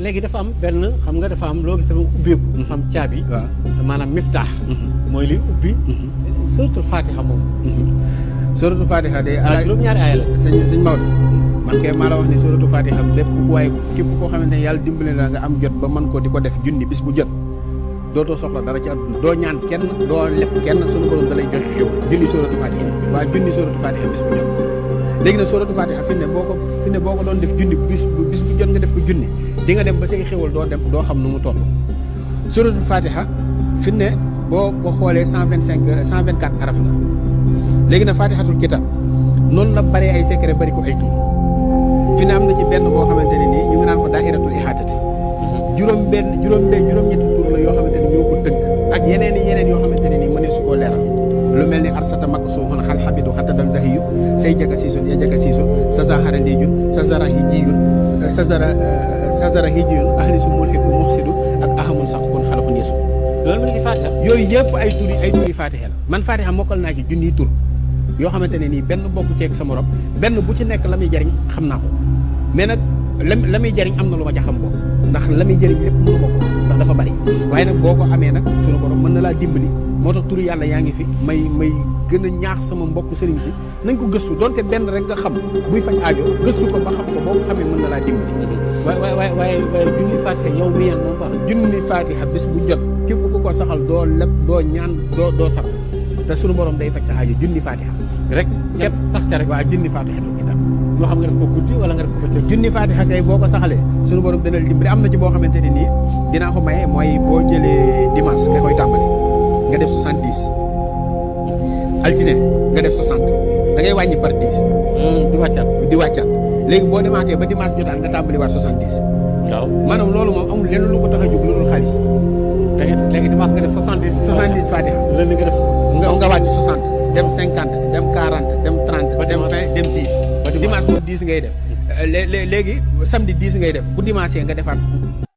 léegi dafa am benn xam nga dafa am loo gis dafa ubbeeku. Mhm. dafa am caabi. waaw maanaam miftaax. Mhm. mooy liy ubbi. Mhm. suratul Fatiha moom. suratul Fatiha de. ala juróom-ñaari aaya la sëñ sëñ Maodo. man kay maa la wax ne suratul Fatiha lépp waaye képp koo xamante ne yàlla dimbale na nga am jot ba mën ko di ko def junni bis bu jot. dootoo soxla dara ci àdduna doo ñaan kenn doo leb kenn sunu borom da lay joxe xew julli suratul Fatiha waa junni suratul Fatiha bis bu léegi nag sóoratu Fatiha fi ne boo ko doon def junni bis bis bu jot nga def ko junni di nga dem ba say xéwal doo dem doo xam nu mu toll sóoratu Fatiha fi ne boo ko xoolee cent vingt cinq cent vingt quatre araf la léegi nag Fatihatul kitab noonu la baree ay secret bari ko ay tur fi ne am na ci benn boo xamante ne nii ñu ngi naan ko daahiratul ihaatati juróom benn juróom benn juróom-ñetti tur la yoo xamante ne ñoo i yeneen yoo xamante ne nii leeral mel ni arsata makaso hun hal habidu hatta dal zahiyu sey jaga siison ya jaga siison sasa harandijun sasara hijiyun sasara euh, sasara hijiyun ahli sumul hiku muhsidu ak ahamun saqkun xalaxun yesu loolu yooyu yëpp ay turi ay la man fatiha mokkal naa ci junniy tur yoo xamante ne nii benn bokku ceeg sa morom benn bu ci nekk la muy jariñ xam naa ko mais nag la muy jariñ am na lu ma ca xam ko ndax la muy jariñ lépp mënu ma ko ndax dafa bari waaye nag boo ko amee nag sunu borom mën na laa dimbali moo tax turu yàlla yaa ngi fi may may gën a ñaax sama mbokk sëriñ si nañ ko gëstu donte benn rek nga xam buy faj aajo gëstu ko ba xam ko boo ko xamee mën na laa dimbali. waaye waaye waaye junni fatiha yow mi yan moom baax junni fatiha képp ku ko saxal doo leb doo ñaan doo doo sab te sunu borom day faj sa aajo junni fatiha rek képp sax ca rek waa junni fatiha tu kitab moo xam nga def ko guddi wala nga def ko bëccëg junni fatiha tey boo ko am na ci boo xamante nii dinaa ko maye mooy boo jëlee da ngay wàññi par 10. Hmm, di wàccaat di wàccaat léegi boo demaatee ba dimanche jotaat nga tàmbali waat 70. waaw maanaam loolu moom amul lenn lu ko tax a jóg lu dul xaalis. da ngay léegi dimanche nga def 70. 70 Fatiha lenn nga def nga dem 50 dem 40 dem 30. ba dem 20 dem 10. ba dimanche def. Euh, léegi samedi 10 ngay def bu nga defaat.